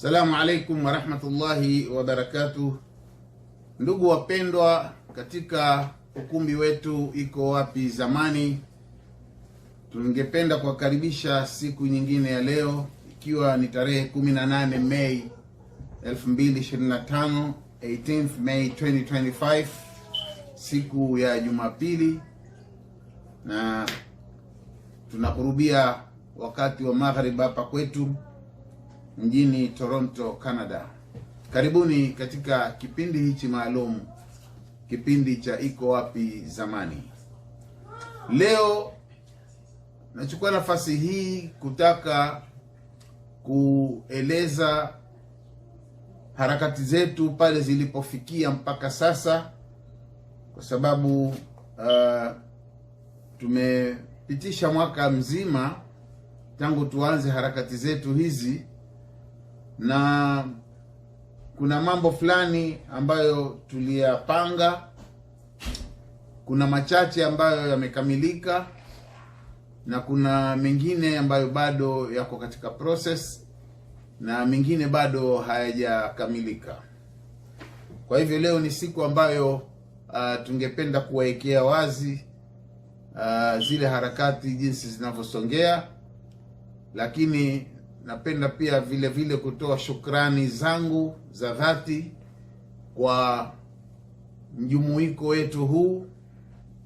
salamu alaikum warahmatullahi wabarakatuh. Ndugu wapendwa, katika ukumbi wetu Iko Wapi Zamani, tungependa kuwakaribisha siku nyingine ya leo, ikiwa ni tarehe 18 Mei 2025, 18 mei May 2025, siku ya Jumapili, na tunakurubia wakati wa maghrib hapa kwetu mjini Toronto, Canada. Karibuni katika kipindi hichi maalum, kipindi cha Iko Wapi Zamani. Leo nachukua nafasi hii kutaka kueleza harakati zetu pale zilipofikia mpaka sasa, kwa sababu uh, tumepitisha mwaka mzima tangu tuanze harakati zetu hizi na kuna mambo fulani ambayo tuliyapanga, kuna machache ambayo yamekamilika na kuna mengine ambayo bado yako katika process na mengine bado hayajakamilika. Kwa hivyo leo ni siku ambayo uh, tungependa kuwawekea wazi uh, zile harakati jinsi zinavyosongea, lakini napenda pia vile vile kutoa shukrani zangu za dhati kwa mjumuiko wetu huu,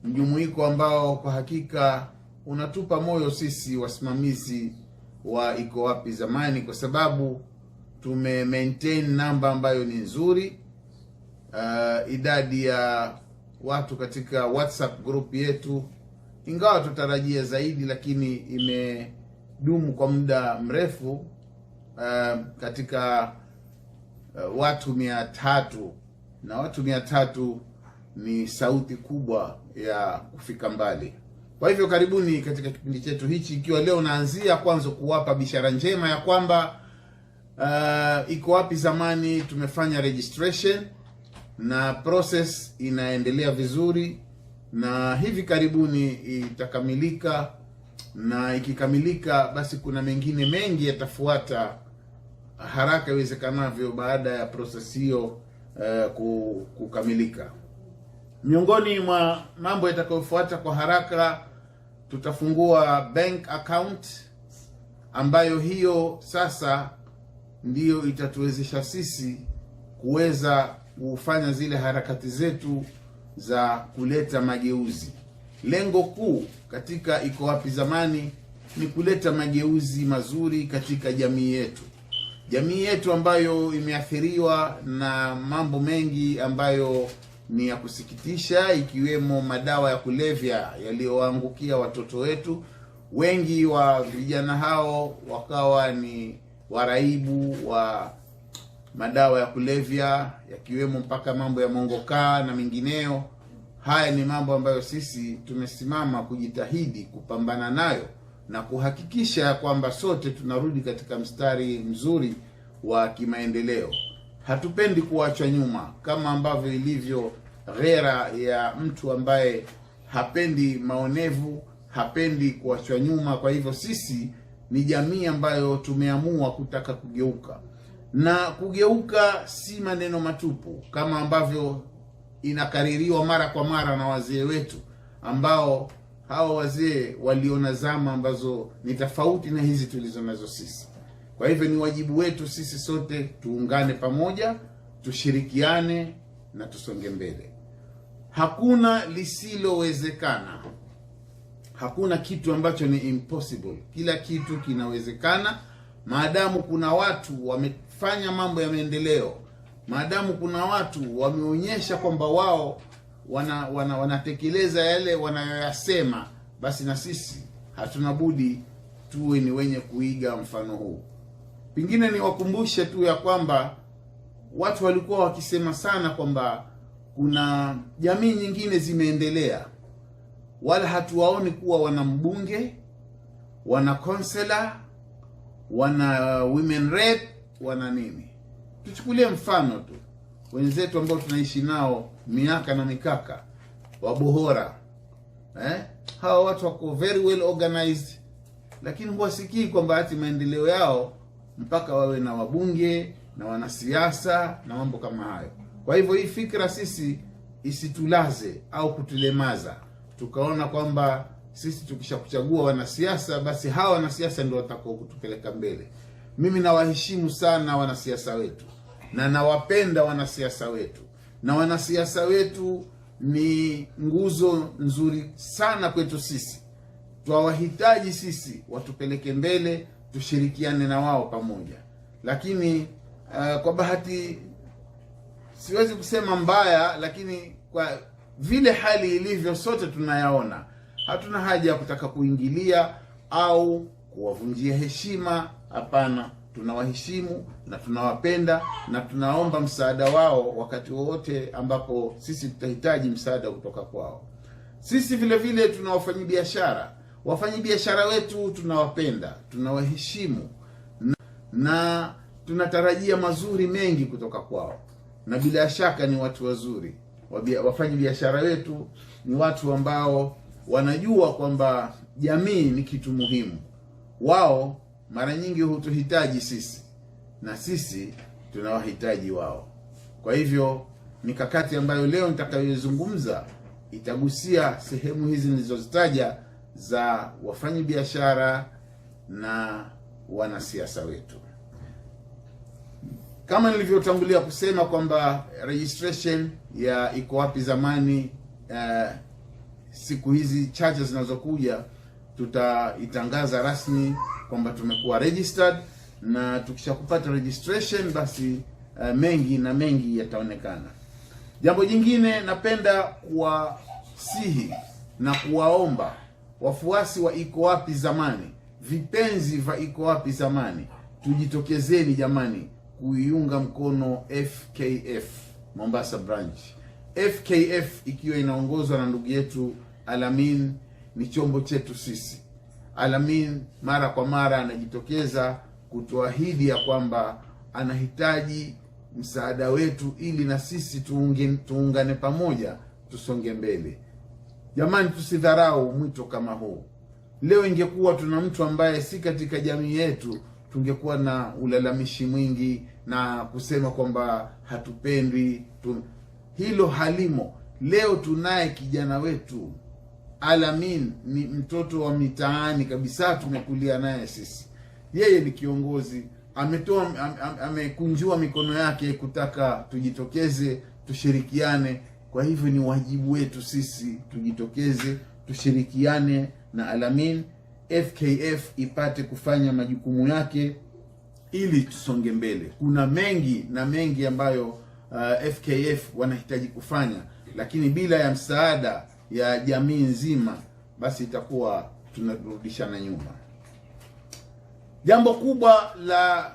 mjumuiko ambao kwa hakika unatupa moyo sisi wasimamizi wa Iko Wapi Zamani, kwa sababu tume maintain namba ambayo ni nzuri. Uh, idadi ya watu katika WhatsApp group yetu, ingawa tutarajia zaidi, lakini ime dumu kwa muda mrefu uh, katika uh, watu mia tatu na watu mia tatu ni sauti kubwa ya kufika mbali. Kwa hivyo karibuni katika kipindi chetu hichi, ikiwa leo naanzia kwanza kuwapa bishara njema ya kwamba uh, iko wapi zamani tumefanya registration na process inaendelea vizuri na hivi karibuni itakamilika na ikikamilika, basi kuna mengine mengi yatafuata haraka iwezekanavyo baada ya proses hiyo uh, kukamilika. Miongoni mwa mambo yatakayofuata kwa haraka, tutafungua bank account ambayo hiyo sasa ndiyo itatuwezesha sisi kuweza kufanya zile harakati zetu za kuleta mageuzi. Lengo kuu katika Iko Wapi Zamani ni kuleta mageuzi mazuri katika jamii yetu, jamii yetu ambayo imeathiriwa na mambo mengi ambayo ni ya kusikitisha, ikiwemo madawa ya kulevya yaliyoangukia watoto wetu. Wengi wa vijana hao wakawa ni waraibu wa madawa ya kulevya, yakiwemo mpaka mambo ya mongokaa na mengineyo. Haya ni mambo ambayo sisi tumesimama kujitahidi kupambana nayo na kuhakikisha kwamba sote tunarudi katika mstari mzuri wa kimaendeleo. Hatupendi kuachwa nyuma, kama ambavyo ilivyo ghera ya mtu ambaye hapendi maonevu, hapendi kuachwa nyuma. Kwa hivyo sisi ni jamii ambayo tumeamua kutaka kugeuka, na kugeuka si maneno matupu, kama ambavyo inakaririwa mara kwa mara na wazee wetu ambao hao wazee waliona zama ambazo ni tofauti na hizi tulizo nazo sisi. Kwa hivyo ni wajibu wetu sisi sote tuungane pamoja, tushirikiane na tusonge mbele. Hakuna lisilowezekana, hakuna kitu ambacho ni impossible. Kila kitu kinawezekana maadamu kuna watu wamefanya mambo ya maendeleo maadamu kuna watu wameonyesha kwamba wao wana, wana, wanatekeleza yale wanayoyasema, basi na sisi hatuna budi tuwe ni wenye kuiga mfano huu. Pengine niwakumbushe tu ya kwamba watu walikuwa wakisema sana kwamba kuna jamii nyingine zimeendelea, wala hatuwaoni kuwa wana mbunge, wana konsela, wana women rep, wana nini Tuchukulie mfano tu wenzetu ambao tunaishi nao miaka na mikaka Wabohora eh? Hawa watu wako very well organized, lakini huwasikii kwamba ati maendeleo yao mpaka wawe na wabunge na wanasiasa na mambo kama hayo. Kwa hivyo hii fikra sisi isitulaze au kutulemaza tukaona kwamba sisi tukishakuchagua wanasiasa basi hawa wanasiasa ndio watakao kutupeleka mbele. Mimi nawaheshimu sana wanasiasa wetu na nawapenda wanasiasa wetu, na wanasiasa wetu ni nguzo nzuri sana kwetu sisi. Twawahitaji sisi, watupeleke mbele, tushirikiane na wao pamoja. Lakini uh, kwa bahati siwezi kusema mbaya, lakini kwa vile hali ilivyo, sote tunayaona. Hatuna haja ya kutaka kuingilia au kuwavunjia heshima, hapana tunawaheshimu na tunawapenda na tunaomba msaada wao wakati wowote ambapo sisi tutahitaji msaada kutoka kwao. Sisi vile vile tuna wafanyabiashara, wafanyabiashara wetu tunawapenda, tunawaheshimu na, na tunatarajia mazuri mengi kutoka kwao, na bila shaka ni watu wazuri. Wafanyabiashara wetu ni watu ambao wanajua kwamba jamii ni kitu muhimu, wao mara nyingi hutuhitaji sisi na sisi tunawahitaji wao. Kwa hivyo mikakati ambayo leo nitakayozungumza itagusia sehemu hizi nilizozitaja za wafanyabiashara na wanasiasa wetu. Kama nilivyotangulia kusema kwamba registration ya Iko Wapi Zamani eh, siku hizi chache zinazokuja tutaitangaza rasmi kwamba tumekuwa registered, na tukishakupata registration basi uh, mengi na mengi yataonekana. Jambo jingine, napenda kuwasihi na kuwaomba wafuasi wa Iko Wapi Zamani, vipenzi vya Iko Wapi Zamani, tujitokezeni jamani kuiunga mkono FKF Mombasa branch, FKF ikiwa inaongozwa na ndugu yetu Alamin ni chombo chetu sisi. Alamin mara kwa mara anajitokeza kutuahidi ya kwamba anahitaji msaada wetu ili na sisi tuunge, tuungane pamoja tusonge mbele. Jamani, tusidharau mwito kama huu. Leo ingekuwa tuna mtu ambaye si katika jamii yetu, tungekuwa na ulalamishi mwingi na kusema kwamba hatupendwi tu. Hilo halimo. Leo tunaye kijana wetu Alamin ni mtoto wa mitaani kabisa, tumekulia naye sisi. Yeye ni kiongozi, ametoa am, ame mikono yake kutaka tujitokeze tushirikiane. Kwa hivyo ni wajibu wetu sisi tujitokeze tushirikiane na Alamin, FKF ipate kufanya majukumu yake ili tusonge mbele. Kuna mengi na mengi ambayo uh, FKF wanahitaji kufanya, lakini bila ya msaada ya jamii nzima, basi itakuwa tunarudishana nyuma. Jambo kubwa la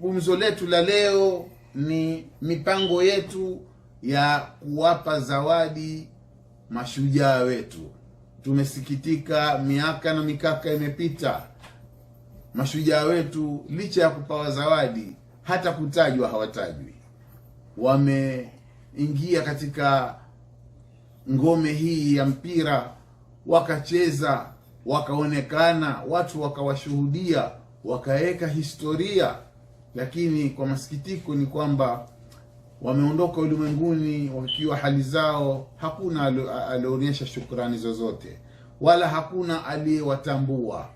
gumzo letu la leo ni mipango yetu ya kuwapa zawadi mashujaa wetu. Tumesikitika, miaka na mikaka imepita, mashujaa wetu licha ya kupawa zawadi, hata kutajwa hawatajwi. Wameingia katika ngome hii ya mpira, wakacheza wakaonekana, watu wakawashuhudia, wakaweka historia. Lakini kwa masikitiko ni kwamba wameondoka ulimwenguni wakiwa hali zao, hakuna alionyesha shukrani zozote, wala hakuna aliyewatambua,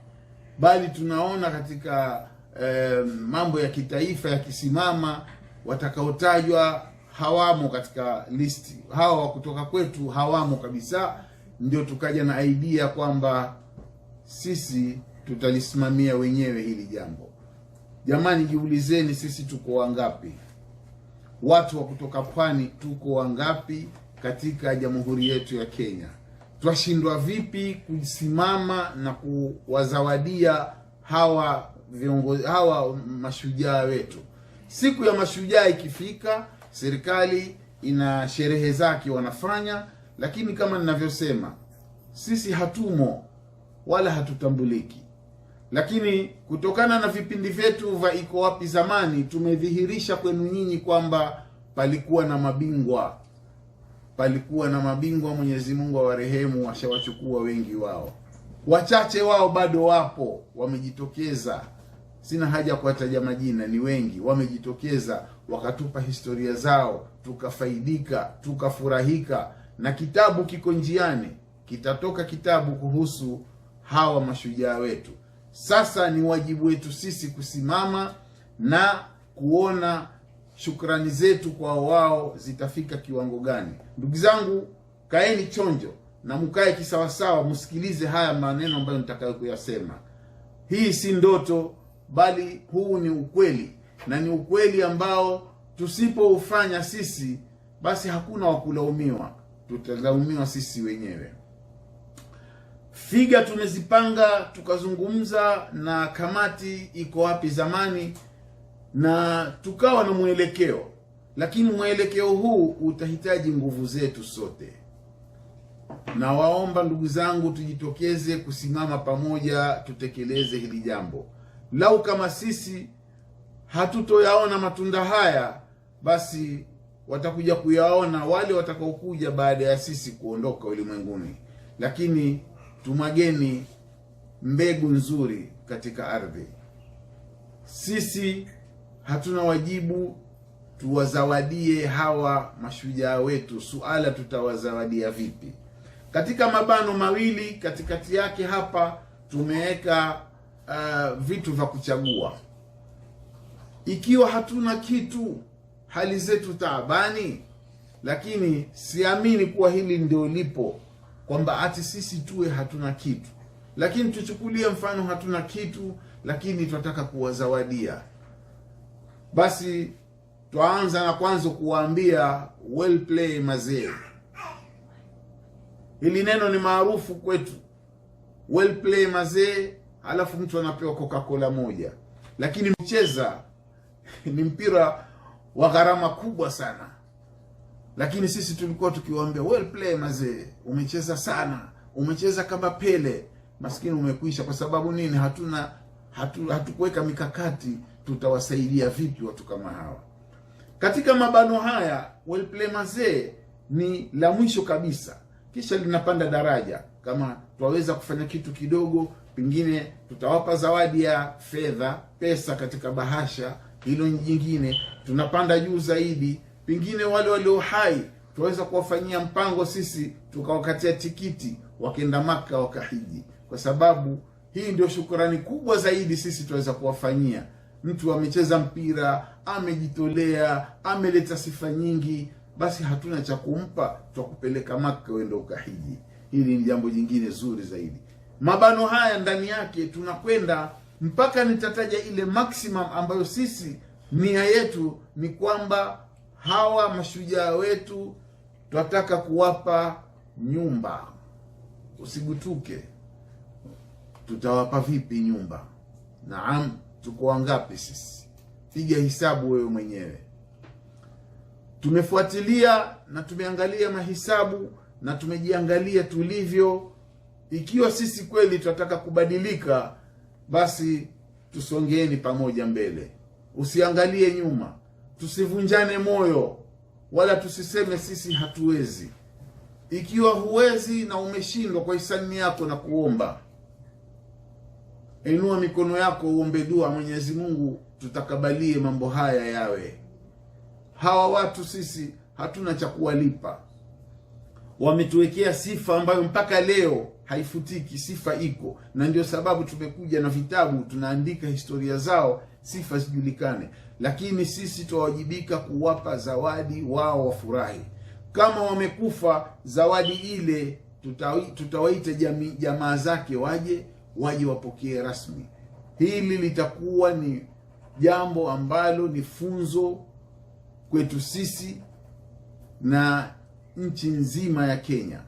bali tunaona katika eh, mambo ya kitaifa yakisimama watakaotajwa hawamo katika listi, hawa wa kutoka kwetu hawamo kabisa. Ndio tukaja na idea kwamba sisi tutalisimamia wenyewe hili jambo. Jamani, jiulizeni, sisi tuko wangapi? Watu wa kutoka pwani tuko wangapi katika jamhuri yetu ya Kenya? Twashindwa vipi kusimama na kuwazawadia hawa viongozi hawa mashujaa wetu? Siku ya mashujaa ikifika serikali ina sherehe zake wanafanya, lakini kama ninavyosema, sisi hatumo wala hatutambuliki. Lakini kutokana na vipindi vyetu vya Iko Wapi zamani, tumedhihirisha kwenu nyinyi kwamba palikuwa na mabingwa, palikuwa na mabingwa. Mwenyezi Mungu warehemu washawachukua wengi wao, wachache wao bado wapo, wamejitokeza. Sina haja ya kuwataja majina, ni wengi wamejitokeza wakatupa historia zao, tukafaidika, tukafurahika. Na kitabu kiko njiani, kitatoka kitabu kuhusu hawa mashujaa wetu. Sasa ni wajibu wetu sisi kusimama na kuona shukrani zetu kwa wao zitafika kiwango gani. Ndugu zangu, kaeni chonjo na mkae kisawasawa, msikilize haya maneno ambayo nitakayo kuyasema. Hii si ndoto, bali huu ni ukweli na ni ukweli ambao tusipoufanya sisi, basi hakuna wa kulaumiwa, tutalaumiwa sisi wenyewe. Figa tumezipanga tukazungumza na kamati iko wapi zamani, na tukawa na mwelekeo, lakini mwelekeo huu utahitaji nguvu zetu sote. Nawaomba ndugu zangu, tujitokeze kusimama pamoja, tutekeleze hili jambo. Lau kama sisi hatutoyaona matunda haya, basi watakuja kuyaona wale watakaokuja baada ya sisi kuondoka ulimwenguni. Lakini tumwageni mbegu nzuri katika ardhi. Sisi hatuna wajibu tuwazawadie hawa mashujaa wetu. Suala tutawazawadia vipi? Katika mabano mawili katikati yake hapa tumeweka uh, vitu vya kuchagua. Ikiwa hatuna kitu, hali zetu taabani, lakini siamini kuwa hili ndio lipo, kwamba ati sisi tuwe hatuna kitu. Lakini tuchukulie mfano hatuna kitu, lakini twataka kuwazawadia, basi twaanza na kwanza kuwaambia well play mazee. Hili neno ni maarufu kwetu, well play mazee, halafu mtu anapewa Coca-Cola moja, lakini mcheza ni mpira wa gharama kubwa sana, lakini sisi tulikuwa tukiwaambia well play mazee, umecheza sana, umecheza kama Pele, maskini umekwisha. Kwa sababu nini? Hatuna hatu, hatukuweka mikakati, tutawasaidia vipi watu kama hawa katika mabano haya? Well play mazee ni la mwisho kabisa, kisha linapanda daraja. Kama twaweza kufanya kitu kidogo, pengine tutawapa zawadi ya fedha, pesa katika bahasha hilo ni jingine. Tunapanda juu zaidi, pengine wale walio hai tuweza kuwafanyia mpango sisi, tukawakatia tikiti wakenda Maka wakahiji, kwa sababu hii ndio shukurani kubwa zaidi sisi tuweza kuwafanyia. Mtu amecheza mpira, amejitolea, ameleta sifa nyingi, basi hatuna cha kumpa, twakupeleka Maka wende ukahiji. Hili ni jambo jingine zuri zaidi. Mabano haya ndani yake tunakwenda mpaka nitataja ile maximum ambayo sisi nia yetu ni kwamba hawa mashujaa wetu twataka kuwapa nyumba. Usigutuke, tutawapa vipi nyumba? Naam, tuko wangapi sisi? Piga hisabu wewe mwenyewe. Tumefuatilia na tumeangalia mahisabu na tumejiangalia tulivyo. Ikiwa sisi kweli tunataka kubadilika basi tusongeni pamoja mbele, usiangalie nyuma, tusivunjane moyo wala tusiseme sisi hatuwezi. Ikiwa huwezi na umeshindwa kwa hisani yako na kuomba, inua mikono yako uombe dua, Mwenyezi Mungu tutakabalie mambo haya yawe. Hawa watu sisi hatuna cha kuwalipa wametuwekea sifa ambayo mpaka leo haifutiki. Sifa iko na ndio sababu tumekuja na vitabu tunaandika historia zao, sifa zijulikane, lakini sisi twawajibika kuwapa zawadi wao wafurahi. Kama wamekufa, zawadi ile tutawaita jamaa zake waje waje wapokee rasmi. Hili litakuwa ni jambo ambalo ni funzo kwetu sisi na nchi nzima ya Kenya,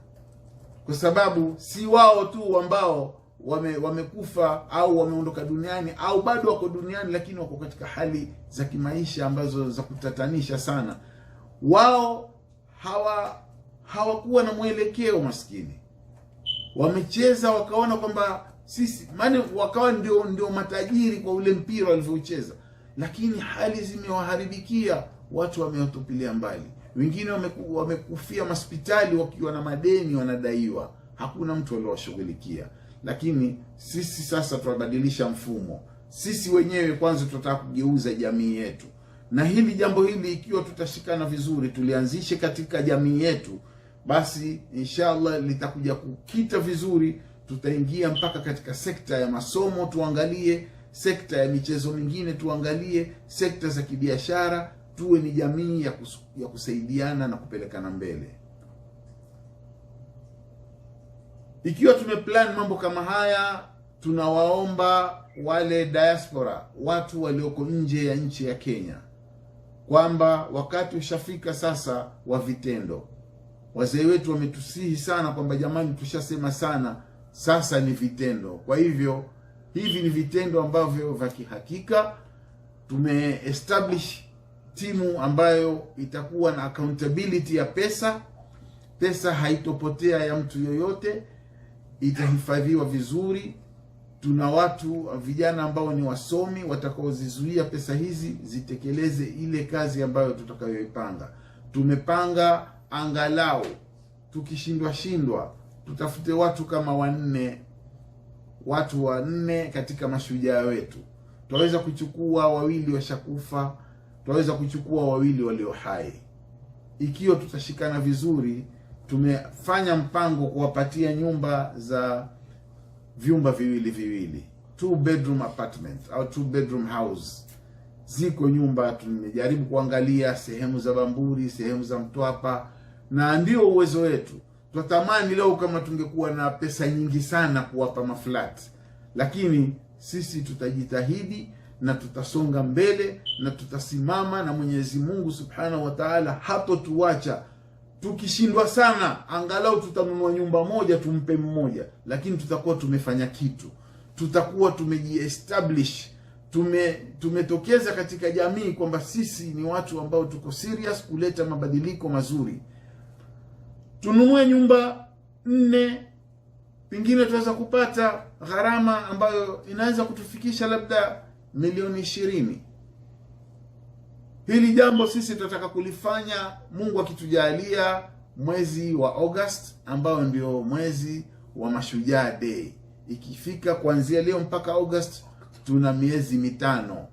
kwa sababu si wao tu ambao wame, wamekufa au wameondoka duniani au bado wako duniani, lakini wako katika hali za kimaisha ambazo za kutatanisha sana. Wao hawa hawakuwa na mwelekeo, maskini wamecheza wakaona kwamba sisi maana, wakawa ndio ndio matajiri kwa ule mpira walivyoucheza, lakini hali zimewaharibikia, watu wameotupilia mbali wengine wamekufia wame maspitali wakiwa na madeni wanadaiwa, hakuna mtu aliowashughulikia. Lakini sisi sasa tunabadilisha mfumo, sisi wenyewe kwanza tunataka kugeuza jamii yetu, na hili jambo hili ikiwa tutashikana vizuri, tulianzishe katika jamii yetu, basi inshallah litakuja kukita vizuri. Tutaingia mpaka katika sekta ya masomo tuangalie, sekta ya michezo mingine tuangalie, sekta za kibiashara tuwe ni jamii ya, kus, ya kusaidiana na kupelekana mbele. Ikiwa tumeplan mambo kama haya, tunawaomba wale diaspora, watu walioko nje ya nchi ya Kenya kwamba wakati ushafika sasa wa vitendo. Wazee wetu wametusihi sana kwamba jamani, tushasema sana, sasa ni vitendo. Kwa hivyo hivi ni vitendo ambavyo vya kihakika tumeestablish timu ambayo itakuwa na accountability ya pesa. Pesa haitopotea ya mtu yoyote, itahifadhiwa vizuri. Tuna watu vijana ambao ni wasomi watakaozizuia pesa hizi zitekeleze ile kazi ambayo tutakayoipanga. Tumepanga angalau tukishindwa shindwa tutafute watu kama wanne, watu wanne katika mashujaa wetu. Tunaweza kuchukua wawili washakufa tunaweza kuchukua wawili walio hai ikiwa tutashikana vizuri. Tumefanya mpango kuwapatia nyumba za vyumba viwili viwili, two bedroom apartment au two bedroom house. Ziko nyumba, tumejaribu kuangalia sehemu za Bamburi, sehemu za Mtwapa, na ndio uwezo wetu. Tunatamani leo kama tungekuwa na pesa nyingi sana kuwapa maflat, lakini sisi tutajitahidi na tutasonga mbele na tutasimama, na Mwenyezi Mungu Subhanahu wa Ta'ala hatotuacha. Tukishindwa sana, angalau tutanunua nyumba moja tumpe mmoja, lakini tutakuwa tumefanya kitu, tutakuwa tumejiestablish, tume tumetokeza katika jamii kwamba sisi ni watu ambao tuko serious kuleta mabadiliko mazuri. Tununue nyumba nne pengine tunaweza kupata gharama ambayo inaweza kutufikisha labda milioni ishirini. Hili jambo sisi tunataka kulifanya, Mungu akitujalia mwezi wa August, ambayo ndio mwezi wa Mashujaa Day. Ikifika kuanzia leo mpaka August, tuna miezi mitano,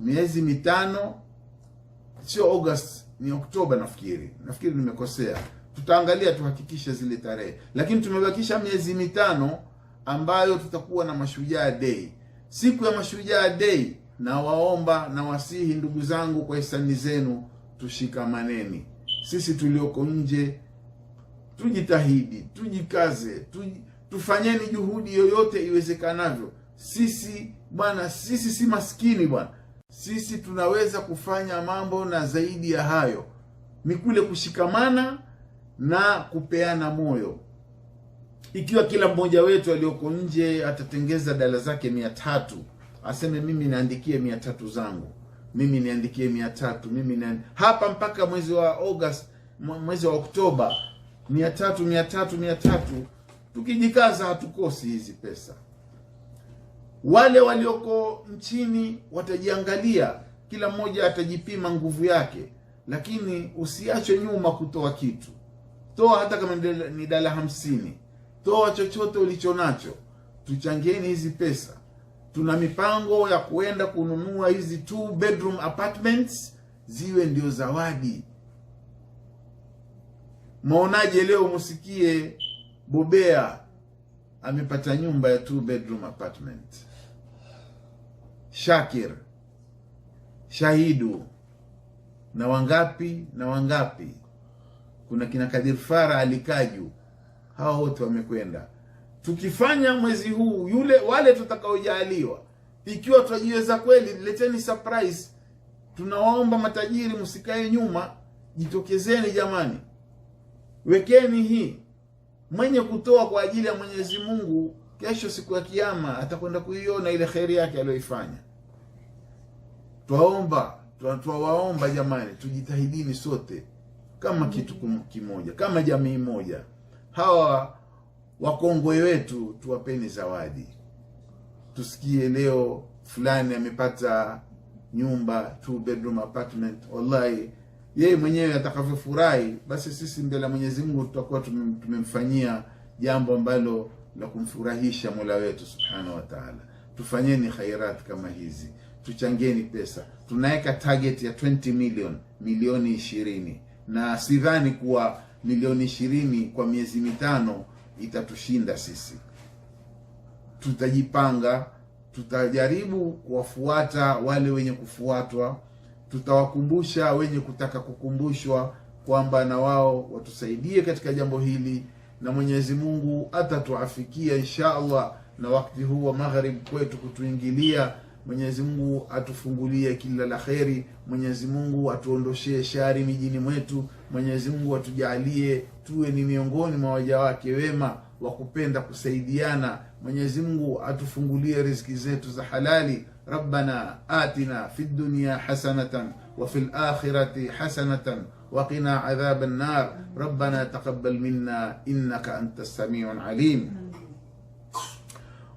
miezi mitano, sio August, ni Oktoba nafikiri, nafikiri nimekosea. Tutaangalia tuhakikishe zile tarehe, lakini tumebakisha miezi mitano ambayo tutakuwa na Mashujaa Day siku ya Mashujaa Day, na waomba na wasihi ndugu zangu, kwa hisani zenu tushikamaneni. Sisi tulioko nje tujitahidi, tujikaze, tuj... tufanyeni juhudi yoyote iwezekanavyo. Sisi bwana, sisi si maskini bwana, sisi tunaweza kufanya mambo na zaidi ya hayo, ni kule kushikamana na kupeana moyo ikiwa kila mmoja wetu aliyoko nje atatengeza dala zake mia tatu aseme mimi naandikie mia tatu zangu mimi niandikie mia tatu mimi niand... hapa mpaka mwezi wa August, mwezi wa Oktoba mia tatu mia tatu mia tatu tukijikaza hatukosi hizi pesa. Wale walioko nchini watajiangalia, kila mmoja atajipima nguvu yake, lakini usiachwe nyuma kutoa kitu. Toa hata kama ni dala hamsini toa chochote ulicho nacho, tuchangeni hizi pesa. Tuna mipango ya kuenda kununua hizi two bedroom apartments ziwe ndio zawadi. Mwaonaje? Leo musikie Bobea amepata nyumba ya two bedroom apartment. Shakir, Shahidu na wangapi na wangapi, kuna kina Kadir Fara alikaju hao wote wamekwenda. Tukifanya mwezi huu yule wale tutakaojaliwa, ikiwa tutajiweza kweli, leteni surprise. Tunawaomba matajiri, msikae nyuma, jitokezeni jamani, wekeni hii. Mwenye kutoa kwa ajili ya Mwenyezi Mungu, kesho siku ya Kiyama atakwenda kuiona ile kheri yake aliyoifanya. Twaomba, twawaomba jamani, tujitahidini sote kama kitu kimoja, kama jamii moja hawa wakongwe wetu tuwapeni zawadi. Tusikie leo fulani amepata nyumba two bedroom apartment, wallahi yeye mwenyewe atakavyofurahi, basi sisi mbele ya Mwenyezi Mungu tutakuwa tumemfanyia jambo ambalo la kumfurahisha Mola wetu subhanahu wa taala. Tufanyeni khairat kama hizi, tuchangeni pesa. Tunaweka target ya 20 million, milioni ishirini, na sidhani kuwa milioni ishirini kwa miezi mitano itatushinda sisi. Tutajipanga, tutajaribu kuwafuata wale wenye kufuatwa, tutawakumbusha wenye kutaka kukumbushwa kwamba na wao watusaidie katika jambo hili, na Mwenyezi Mungu atatuafikia insha Allah. Na wakati huu wa magharibi kwetu kutuingilia, Mwenyezi Mungu atufungulie kila la kheri, Mwenyezi Mungu atuondoshee shari mijini mwetu. Mwenyezi Mungu atujalie tuwe ni miongoni mwa waja wake wema wa kupenda kusaidiana. Mwenyezi Mungu atufungulie riziki zetu za halali. Rabbana atina fi dunya hasanatan wa fil akhirati hasanatan wa qina adhaban nar. Rabbana taqabbal minna innaka antas samiun alim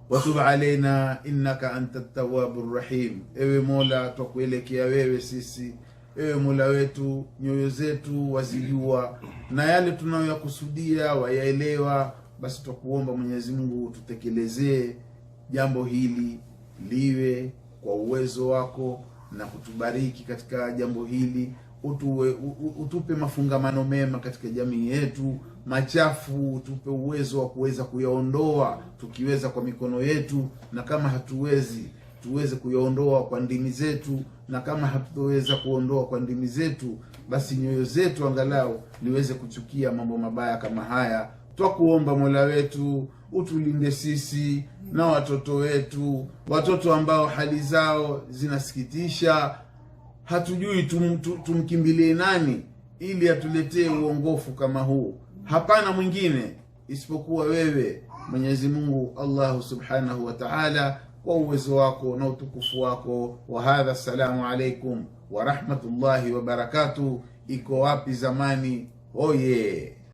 watub alaina innaka anta tawwabur rahim. Ewe Mola, twakuelekea wewe sisi Ewe Mola wetu, nyoyo zetu wazijua, na yale tunayoyakusudia wayaelewa. Basi twakuomba Mwenyezi Mungu tutekelezee jambo hili, liwe kwa uwezo wako na kutubariki katika jambo hili, utuwe, utupe mafungamano mema katika jamii yetu, machafu utupe uwezo wa kuweza kuyaondoa tukiweza kwa mikono yetu, na kama hatuwezi tuweze kuyaondoa kwa ndimi zetu, na kama hatutoweza kuondoa kwa ndimi zetu, basi nyoyo zetu angalau liweze kuchukia mambo mabaya kama haya. Twakuomba Mola wetu utulinde sisi na watoto wetu, watoto ambao hali zao zinasikitisha, hatujui tum, tum, tumkimbilie nani ili atuletee uongofu kama huu. Hapana mwingine isipokuwa wewe Mwenyezi Mungu Allahu subhanahu wa taala kwa uwezo wako na utukufu wako. Wa hadha, assalamu alaikum warahmatullahi wabarakatuh. Iko wapi zamani? Oye oh yeah.